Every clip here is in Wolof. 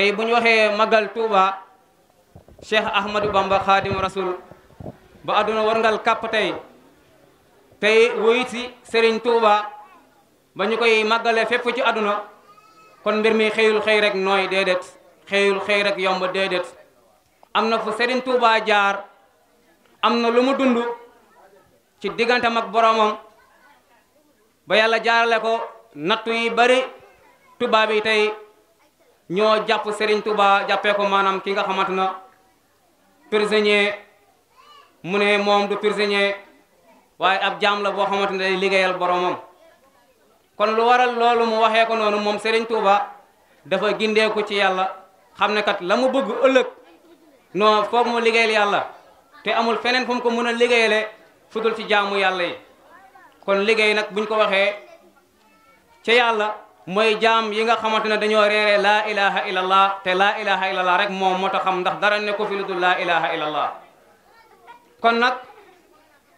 tey bu ñu waxee magal Touba Cheikh Ahmadou Bamba Khadim Rasoul ba àdduna warngal kàpp tey tey wuyu si Serigne Touba ba ñu koy màggale fépp ci àdduna kon mbir mi xëyul xëy rek nooy déedéet xëyul xëy rek yomb déedéet am na fu Serigne Touba jaar am na lu mu dund ci diggantam mag boromam ba yàlla jaarale ko nattu bari tubaab tey. ñoo jàpp Serigne Touba jàppee ko maanaam ki nga xamante na prisonnier mu ne moom du prisonnier waaye ab jaam la boo xamante ne day liggéeyal boromam kon lu waral loolu mu waxee ko noonu moom seriñ Touba dafa gindeeku ci yàlla xam ne kat la mu bëgg ëllëg noo foog mu liggéeyal yàlla te amul feneen fu mu ko mën a liggéeyale fudul ci jaamu yàlla yi kon liggéey nag buñ ko waxee ca yàlla. mooy jaam yi nga xamante ne dañoo reeree laa ilaha illallah te laa ilaha illallah rek moom moo tax xam ndax dara ne ko fi lu dul laa ilaha illallah kon nag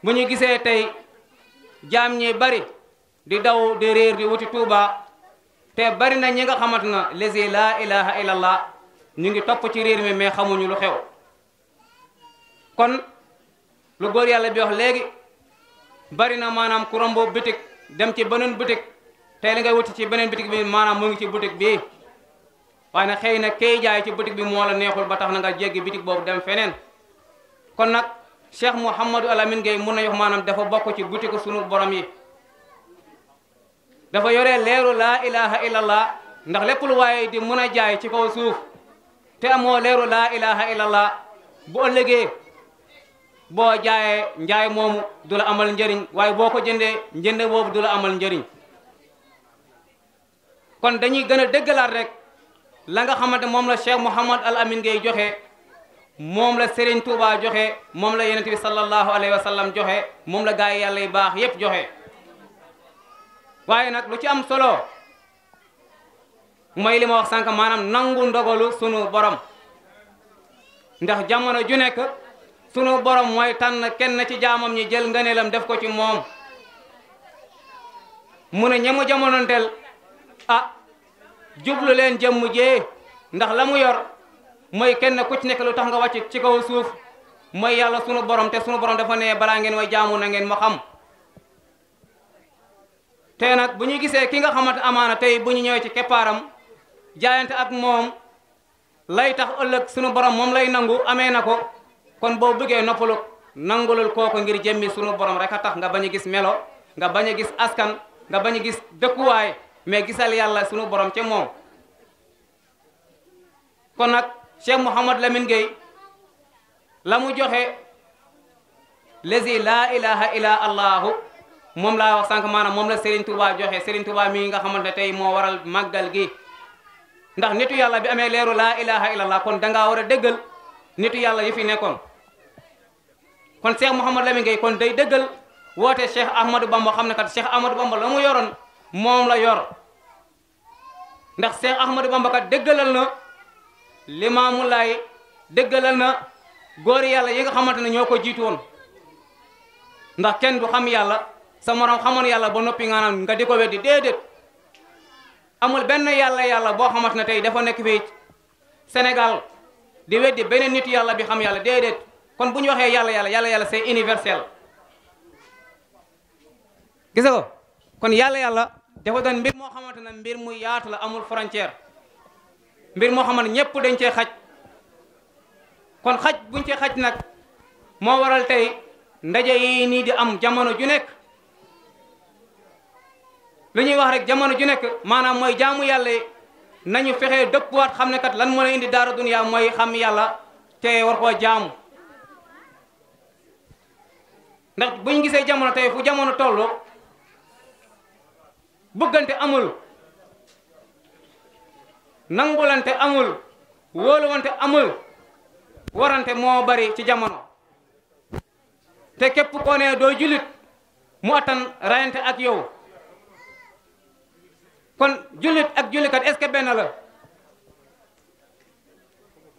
bu ñu gisee tey jaam ñi bari di daw di réer di wuti Touba te bari na ñi nga xamante na lesi laa ilaha illallah ñu ngi topp ci réer mi mais xamuñu lu xew kon lu góor yàlla bi wax léegi bari na maanaam ku rombo bitik dem ci beneen bitik tey li ngay wuti ci beneen bitik bi maanaam mu ngi ci boutique bi waaye na xëy na kay jaay ci boutique bi moo la neexul ba tax na nga jéggi boutique boobu dem feneen kon nag Cheikh Mouhamadou Alamine Gueye mun na yox maanaam dafa bokk ci boutique sunu borom yi dafa yore leeru laa ilaha illallah ndax lépp lu waaye di mun a jaay ci kaw suuf te amoo leeru laa ilaha illallah bu ëllëgee boo jaayee njaay moomu du la amal njëriñ waaye boo ko jëndee njënd boobu du la amal njëriñ kon dañuy gën a déggalaat rek la nga xamante moom la Cheikh Mouhamad Al Amin ngay joxe moom la Serigne tuuba joxe moom la yonent bi sallallahu alayhi wa sallam joxe moom la gaa yi yàlla yu baax yépp joxe waaye nag lu ci am solo mooy li ma wax sànq maanaam nangu ndogalu sunu borom ndax jamono ju nekk sunu borom mooy tànn kenn ci jaamam ñi jël nga ngëneelam def ko ci moom mu ne ñamu jamonoonteel ah jublu leen jëmm jee ndax la mu yor mooy kenn ku ci nekk lu tax nga wàcc ci kaw suuf mooy yàlla sunu borom te sunu borom dafa ne balaa ngeen way jaamu na ngeen ma xam te nag bu ñu gisee ki nga xamante amaana tey bu ñu ñëwee ci keppaaram jaayante ak moom lay tax ëllëg sunu borom moom lay nangu amee na ko kon boo bëggee noppalu nangulul kooku ngir jëmmi sunu borom rek a tax nga bañ a gis melo nga bañ a gis askan nga bañ a gis dëkkuwaay mais gisal yàlla sunu borom ca moom kon nag Cheikh Mouhamad Lamine Gueye la mu joxe lesi laa ilaha illa allahu moom laa wax sànq maanaam moom la Serigne Touba joxe Serigne Touba mii nga xamante ne tey moo waral màggal gi ndax nitu yàlla bi amee leeru laa ilaha illa allah kon dangaa war a dëggal nitu yàlla yi fi nekkoon kon Cheikh Mouhamad Lamine Gueye kon day dëggal woote Cheikh Ahmadou Bamba xam ne kat Cheikh Ahmadou Bamba la mu yoroon moom la yor ndax Cheikh Ahmadou Bamba kat na Limaamu Laay na góor yàlla yi nga xamante ne ñoo ko jiitu woon ndax kenn du xam yàlla sa morom xamoon yàlla ba noppi nga naan nga di ko weddi déedéet amul benn yàlla yàlla boo xamante ne tey dafa nekk fii senegal di weddi beneen nit yàlla bi xam yàlla déedéet kon bu ñu waxee yàlla yàlla yàlla yàlla c'est universel gis kon yàlla yàlla dafa doon mbir moo xamante ne mbir mu yaatu la amul frontière mbir moo xamante ñëpp dañ cee xaj kon xaj buñ cee xaj nag moo waral tey ndaje yi nii di am jamono ju nekk li ñuy wax rek jamono ju nekk maanaam mooy jaamu yàlla yi nañu fexee dëppuwaat xam ne kat lan moo la indi daara duniyaa mooy xam yàlla te war koo jaamu ndax buñ gisee jamono tey fu jamono toll bëggante amul nangulante amul wóoluwante amul warante moo bari ci jamono te képp koo doo jullit mu attan rayante ak yow kon jullit ak jullikat est-ce la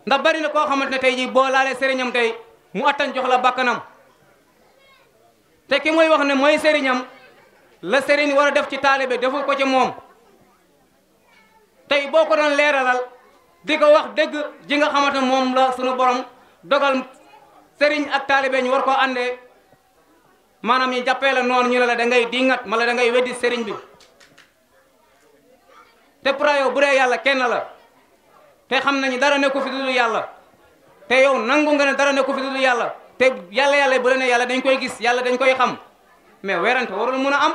ndax bari na koo xamante ne tey jii boo laalee sëriñam tey mu attan jox la bakkanam te ki moy wax ne mooy sëriñam la sëriñ war a def ci taalibe defu ko ci moom tey boo ko doon leeralal di ko wax dëgg ji nga xamante moom la sunu borom dogal sëriñ ak taalibe ñu war koo àndee maanaam ñi jàppee la noonu ñu ne la da ngay diingat ma la da ngay weddi sëriñ bi te pra yow bu dee yàlla kenn la te xam nañu dara nekku fi dul yàlla te yow nangu nga ne dara nekku fi dul yàlla te yàlla yàlla bu la ne yàlla dañ koy gis yàlla dañ koy xam mais werante warul mun a am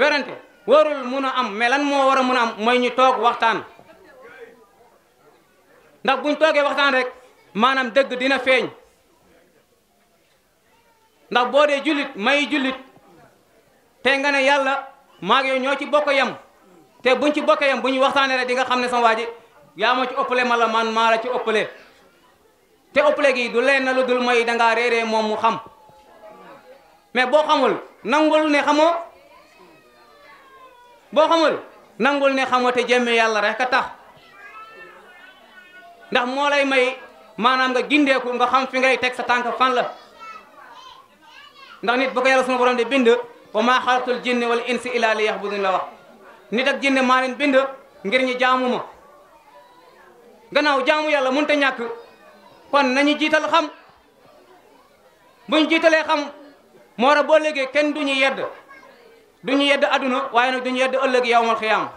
wérante warul mëna am mais lan mo wara mëna am moy ñu tok waxtaan ndax buñ toogee waxtaan rek manam dëgg dina fein. ndax bo dé julit may julit té nga ne ma maag yow ñoo ci bokk yam te buñ ci bokk yam buñ ñu rek di nga xamné ne sama waji ya ma ci ma man maa ci te ëppale gi du lén na lu dul da nga réré mom mu xam mais bo xamul nangul ne xamoo boo xamul nangul ne xamoo te jëmmi yàlla rek a tax ndax moo lay may maanaam nga gindeeku nga xam fi ngay teg sa tànk fan la ndax nit bu ko yàlla sunu borom de bind wa maa xalaqtul jinne wal insi illaa liya'buduun la wax nit ak jinne maa bind ngir ñi jaamu ma gannaaw jaamu yàlla mënut a ñàkk kon nañu jiital xam buñ jiitalee xam moo ra boo léegi kenn du ñu yedd du ñu yedd adduna waaye nag du ñu yedd ëllëg yawmal xiyaam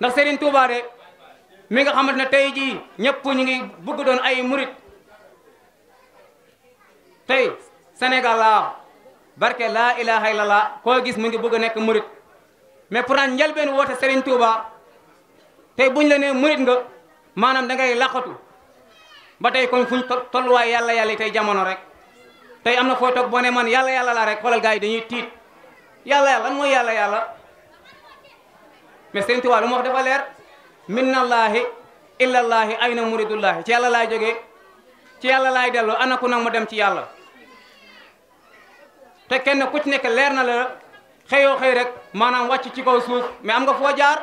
ndax Serigne Touba de mi nga xamante ne tey jii ñëpp ñu ngi bëgg doon ay murit tey Sénégal laa barke laa ilaha illallah koo gis mu ngi bëgg nekk murit mais pourtant njëlbeen woote Serigne Touba tey buñ la nee murit nga maanaam da ngay laqatu ba tey kon fuñ tolluwaay yàlla yàlla tey jamono rek tey am na foo toog boo ne man yàlla yàlla laa rek xoolal gars yi dañuy tiit. yàlla yàlla mooy yàlla yàlla mais sëñ Tuubaa lu mu wax dafa leer minnallaahi illallaahi ayna muridullaahi ci yàlla laay jógee ci yàlla laay delloo anaku nag ma dem ci yàlla te kenn ku ci nekk leer na la xëyoo xëy rek maanaam wàcc ci kaw suuf mais am nga foo jaar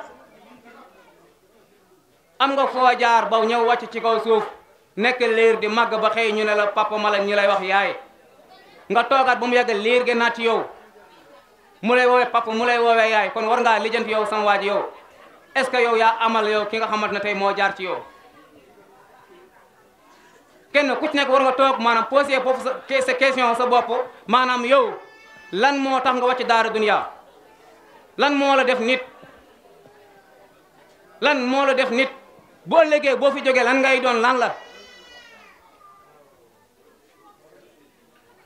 am nga foo jaar ba ñëw wàcc ci kaw suuf nekk liir di màgg ba xëy ñu ne la papa ma la ñi lay wax yaay nga toogaat ba mu yàgg liir ge naat ci yow mu lay woowe papa mu lay woowee yaay kon war ngaa lijjanti yow sama waa ji yow est-ce que yow yaa amal yow ki nga xamante ne tey moo jaar ci yow kenn ku ci nekk war nga toog maanaam posé foofu sa question sa bopp maanaam yow lan moo tax nga wàcc daara duniya lan moo la def nit lan moo la def nit boo léegee boo fi jógee lan ngay doon lan la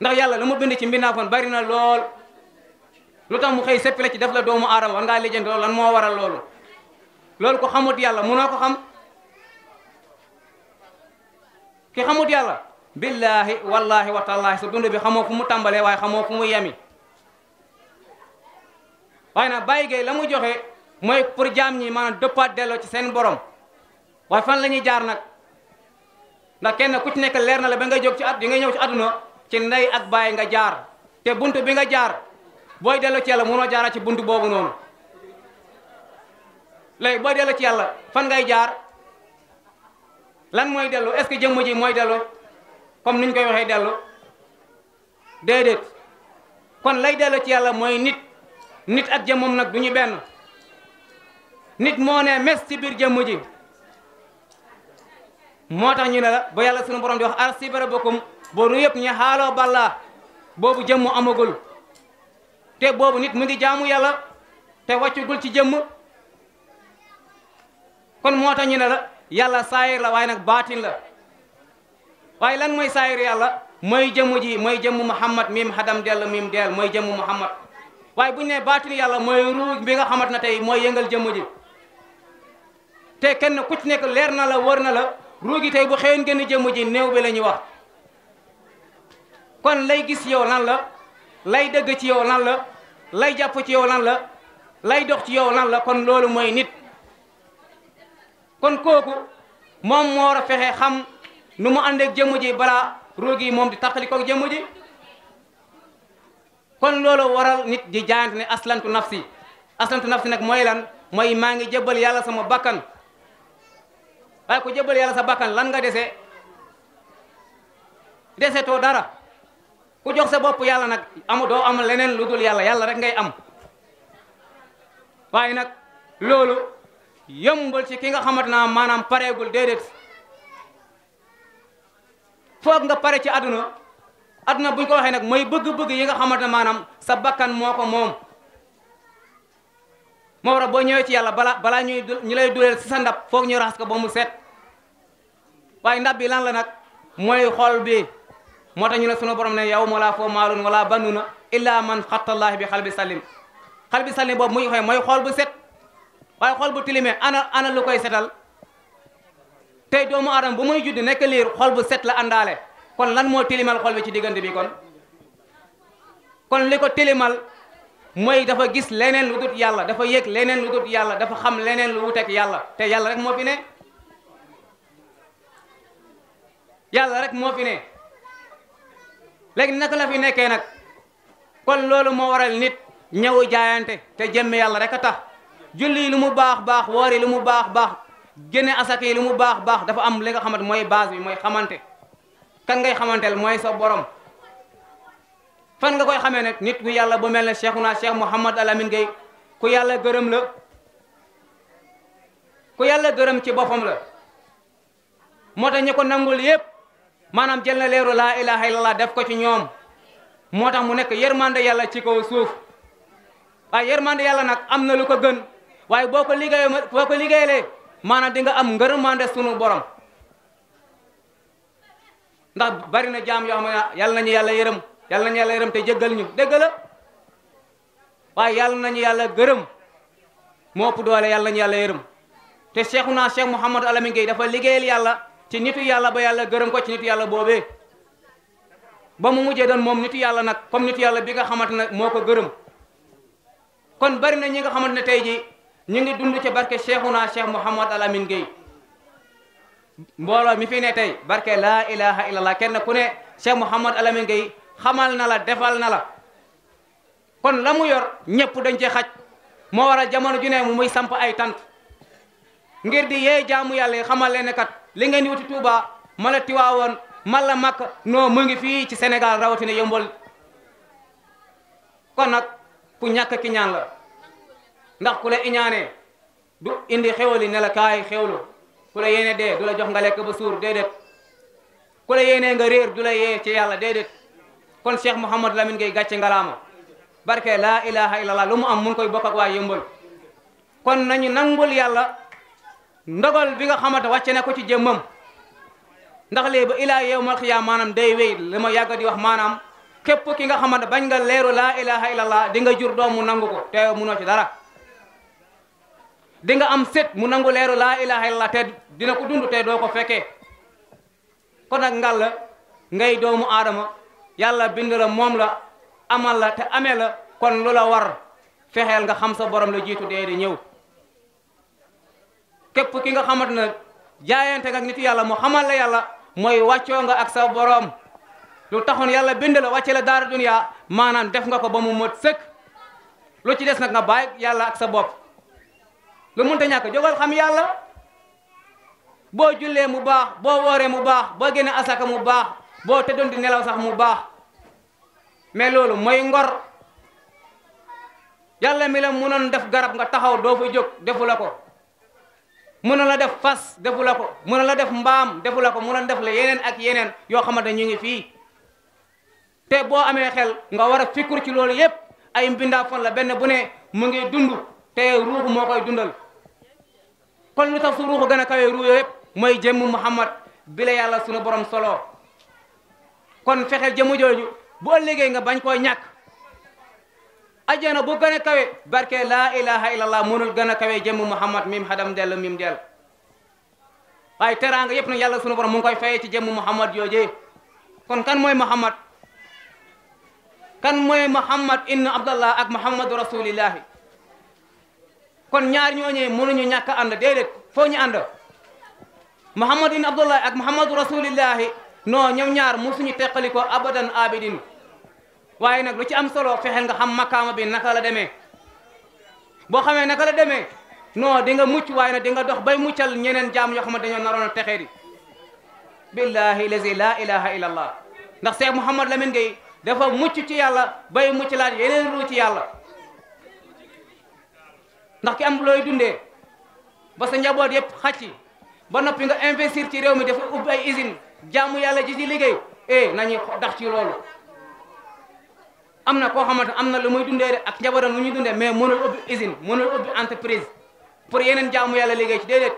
ndax yàlla lu mu bind ci mbindaa fan bari na lool lu tax mu xëy seppi la ci def la doomu aadama war ngaa lijjanti loolu lan moo waral loolu loolu ko xamut yàlla munoo ko xam ki xamut yàlla billaahi wallaahi wa tallaahi sa dund bi xamoo fu mu tàmbalee waaye xamoo fu mu yemi waaye na bàyyi gay la mu joxe mooy pour jaam ñi maanaam dëppaat delloo ci seen borom waaye fan la jaar nag ndax kenn ku ci nekk leer na la ba nga jóg ci at di nga ñëw ci àdduna ci ndey ak bàyyi nga jaar te buntu bi nga jaar booy delloo ci yàlla munoo jaara ci buntu boobu noonu léegi booy delloo ci yàlla fan ngay jaar lan mooy dellu est-ce que jëmm ji mooy delloo comme niñ koy waxee delloo déedéet kon lay delloo ci yàlla mooy nit nit ak jëmmam nag du ñu benn nit moo ne mes ci biir jëmm ji moo tax ñu ne la ba yàlla sunu borom di wax ar sibara bokkum boo nu yëpp ñu xaaloo ballaa boobu jëmm amagul te boobu nit mu ngi jaamu yàlla te wàccugul ci jëmm kon moo tax ñu ne la yàlla saayir la waaye nag baatin la waaye lan mooy saayir yàlla mooy jëmm ji mooy jëmm Muhammad miim xadam dell miim dell mooy jëmm Muhammad waaye bu ñu nee baatin yàlla mooy ruuj bi nga xamat na tey mooy yëngal jëmm ji te kenn ku ci nekk leer na la wër na la ruugi tey bu xëyoon gën a jëmm ji néew bi la ñuy wax kon lay gis yow lan la lay dëgg ci yow lan la lay jàpp ci yow lan la lay dox ci yow lan la kon loolu mooy nit kon kooku moom moo war a fexe xam nu mu àndeek jëmm ji balaa ruug yi moom di tàqali koog jëmm ji kon loolu waral nit di jaayante ne aslantu nafsi aslantu nafsi nag mooy lan mooy maa ngi jëbal yàlla sama bakkan waaye ko jëbal yàlla sa bakkan lan nga dese desetoo dara ku jox sa bop yalla nak amu do am lenen lu yalla yalla rek ngay am waye nak lolu yombul ci ki nga xamante manam paregul dedet déedéet nga pare ci aduna aduna buñ ko waxe nak mooy bëgg-bëgg yi nga xamante manam sa bakkan moko mom mo wara bo ñëw ci yalla bala bala ñuy ñu lay duleel ci sa ndab foog ñu ras ko ba mu set waye ndab bi lan la nak moy xol bi moo tax ñu ne sunu borom ne yow ma laa foo maalun wala banuna illa man xattallaahi bi xal bi sallim xal bi sallim boobu muy xooy mooy xool bu set waaye xool bu tilimee ana ana lu koy setal tey doomu aadama bu muy judd nekk liir xool bu set la àndaale kon lan moo tilimal xool bi ci diggante bi kon kon li ko tilimal mooy dafa gis leneen lu dut yàlla dafa yëg leneen lu dut yàlla dafa xam leneen lu wuteeg yàlla te yàlla rek moo fi ne yàlla rek moo fi ne léegi naka la fi nekkee nag kon loolu moo waral nit ñëw jaayante te jëmm yàlla rek a tax julli lu mu baax baax woor yi lu mu baax baax génne asaka yi lu mu baax baax dafa am li nga xamante mooy baas bi mooy xamante kan ngay xamanteel mooy sa borom fan nga koy xamee nag nit ku yàlla bu mel na ne Cheikhuna Cheikh Mouhamad Alamin Gueye ku yàlla gërëm la ku yàlla gërëm ci boppam la moo tax ñu ko nangul yépp maanaam jël na leeru laa ilaha illallah def ko ci ñoom moo tax mu nekk yërmande yàlla ci kaw suuf waaye yërmande yàlla nag am na lu ko gën waaye boo ko liggéeyee boo ko liggéeyee maanaam di nga am ngërmande sunu borom ndax bari na jaam yoo xam ne yàlla nañu yàlla yërëm yàlla nañu yàlla yërëm te jëggal ñu dégg la waaye yàlla nañu yàlla gërëm moo ëpp doole yàlla nañu yàlla yërëm te Cheikhuna Cheikh Mouhamadou Alamin Gueye dafa liggéeyal yàlla. ci nitu yàlla ba yàlla gërëm ko ci nitu yàlla boobee ba mu mujjee doon moom nitu yàlla nag comme nitu yàlla bi nga xamante ne moo ko gërëm kon bari na ñi nga xamante ne tey ji ñu ngi dund ci barke Cheikhuna Cheikh Mouhamad Alamine Gueye mbooloo mi fi ne tey barke laa ilaha illallah kenn ku ne Cheikh Mouhamad Alamine Gueye xamal na la defal na la kon la mu yor ñëpp dañ cee xaj moo waral jamono ju ne mu muy samp ay tant ngir di yee jaamu yàlla yi xamal ne kat li ngeen di wuti Touba mala Tiwaawoon mala Makka non mu ngi fii ci senegal rawatina yëmbal kon nag ku ñàkk ki ñaan la ndax ku la iñaanee du indi xewali ne la kaay xewlu ku la yéene dee du la jox nga lekk ba suur déedéet ku la yéenee nga réer du la yee ci yàlla déedéet kon Cheikh Mouhamadou Lamine Gueye gàcce ngalaama barke laa ilaha illallah lu mu am mun koy bokk ak waa yëmbal kon nañu nangul yàlla ndogal bi nga xamante wàcce na ko ci jëmmam ndax léegi ba ilaa yawmal qiyaama maanaam day wéy li ma yàgg di wax maanaam képp ki nga xamante bañ nga leeru laa ilaha illallah di nga jur doomu nangu ko te munoo ci dara di nga am set mu nangu leeru laa ilaha illallah te dina ko dund te doo ko fekkee kon nag ngal ngay doomu aadama yàlla bind la moom la amal la te amee la kon lu la war fexeel nga xam sa borom la jiitu dee di ñëw kep ki nga xamantene ne jaayante ak nitu yalla mo xamal la yalla moy waccio nga ak sa borom lu taxone yalla bind la wàcce la daara def nga ko ba mu mot seuk lu ci dess nak nga bàyyi yalla ak sa bop lu munta ñàkk jogal xam yalla bo julle mu bax bo woré mu bax bo gene asaka mu bax bo teddon di nelaw sax mu bax mais lolu moy ngor yalla mi la munon def garab nga taxaw do fa jog defulako mën na la def fas defu la ko mën na la def mbaam defu la ko mun na def la yeneen ak yeneen yoo xamante ne ñu ngi fii te boo amee xel nga war a fikkur ci loolu yépp ay mbindaa fon benn bu ne mu ngi dund te ruuxu moo koy dundal kon lu tax su ruuxu gën a kawee ruu yépp mooy jëmm Muhammad bi bile yàlla sunu borom solo kon fexe jëmu jooju boo ëllëgee nga bañ koo ñàkk ajjana bu gën a kawe barke laa ilaha illallah mënul gën a kawe muhammad mim hadam del mim del waaye teraanga yëpp na yàlla sunu borom mu ngi koy fayee ci jëmm muhammad yooje kon kan mooy muhammad kan moy muhammad ibn abdallah ak muhammadu rasulillahi kon ñaar ñooñee mënuñu ñu a and déedéet foo ñu and muhammad ibn abdallah ak muhammadu rasulillahi non ñoom ñaar musuñu teqali ko abadan abidin waaye nag lu ci am solo fexeel nga xam makaama bi naka la demee boo xamee naka la demee non di mucc waaye nag di nga dox bay muccal ñeneen jaam yoo xam ne dañoo naroon a texee di billahi lazi la ilaha illa allah ndax Cheikh Mouhamad Lamine Gueye dafa mucc ci yàlla bay mucc laat yeneen ruu ci yàlla ndax ki am looy dundee ba sa njaboot yëpp xàcc ba noppi nga investir ci réew mi dafa ubbi ay usine jaamu yàlla ji ci liggéey eh nañu dax ci loolu am na koo xamante am na lu muy dundee de ak njabootam lu ñu dundee mais mënul ubbi usine mënul ubbi entreprise pour yeneen jaamu yàlla liggéey ci déedéet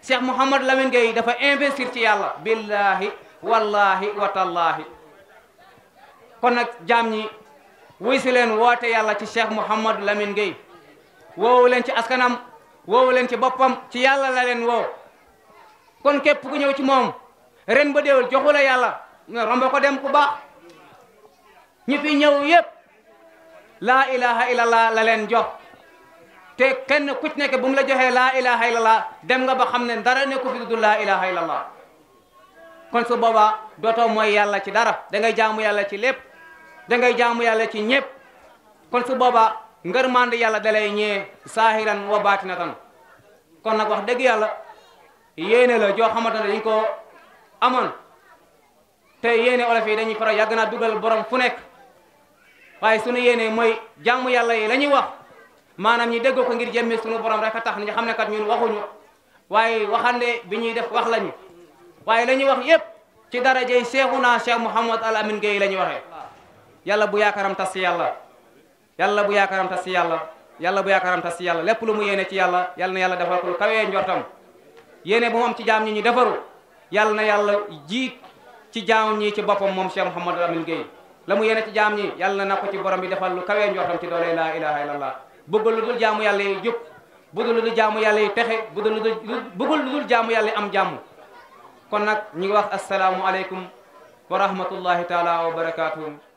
Cheikh Mouhamad Lamine Gueye dafa investir ci yàlla billahi wallahi watallahi kon nag jaam ñi wuy si leen woote yàlla ci Cheikh Mouhamad lamin Gueye woowu leen ci askanam woowu leen ci boppam ci yàlla la leen woow kon képp ku ñëw ci moom ren ba déewul joxu la yàlla dem ku baax ñi fi ñëw yépp ilaha illallah la leen jox te kenn ku ci nekk bu mu la ilaha illallah dem nga ba xam ne dara fi ilaha illallah kon su boobaa dootoo mooy yàlla ci dara da ngay jaamu yàlla ci lépp da ngay jaamu yàlla ci ñépp kon su boobaa ngërmande yàlla dalay ñee saahiran wa baatinatan kon nag wax dëgg yàlla yéene la joo xamante dañ ko amon te yéene olof yi dañuy faral yàgg naa dugal borom fu nekk waaye sunu yéenee mooy jàmm yàlla yi la ñuy wax maanaam ñi déggoo ko ngir jëmmi sunu borom rek a tax ñu xam ne kat ñun waxuñu waaye waxande bi ñuy def wax lañu waaye la ñuy wax yépp ci dara darajey Seexuna Cheikh Mouhamad Al Amin Gueye la ñuy waxee yàlla bu yaakaaram tas si yàlla yàlla bu yaakaaram tas si yàlla yàlla bu yaakaaram tas si yàlla lépp lu mu yéene ci yàlla yàlla na yàlla defal ko lu kawee njortam yéene bu moom ci jaam ñi ñu na yàlla jiit jaam ñi ci boppam moom Cheikh Mouhamad Al Amin Gueye la mu yéene ci jaam ñi yàlla na ko ci borom bi defal lu kawee njortam ci doole laa ilaha illallah bëggul lu dul jaamu yàlla yi jub bëggul lu dul jaamu yàlla yi texe bëggul lu dul bëggul lu dul jaamu yàlla yi am jàmm kon nag ñu ngi wax asalaamualeykum wa rahmatullahi taala wa barakaatuhu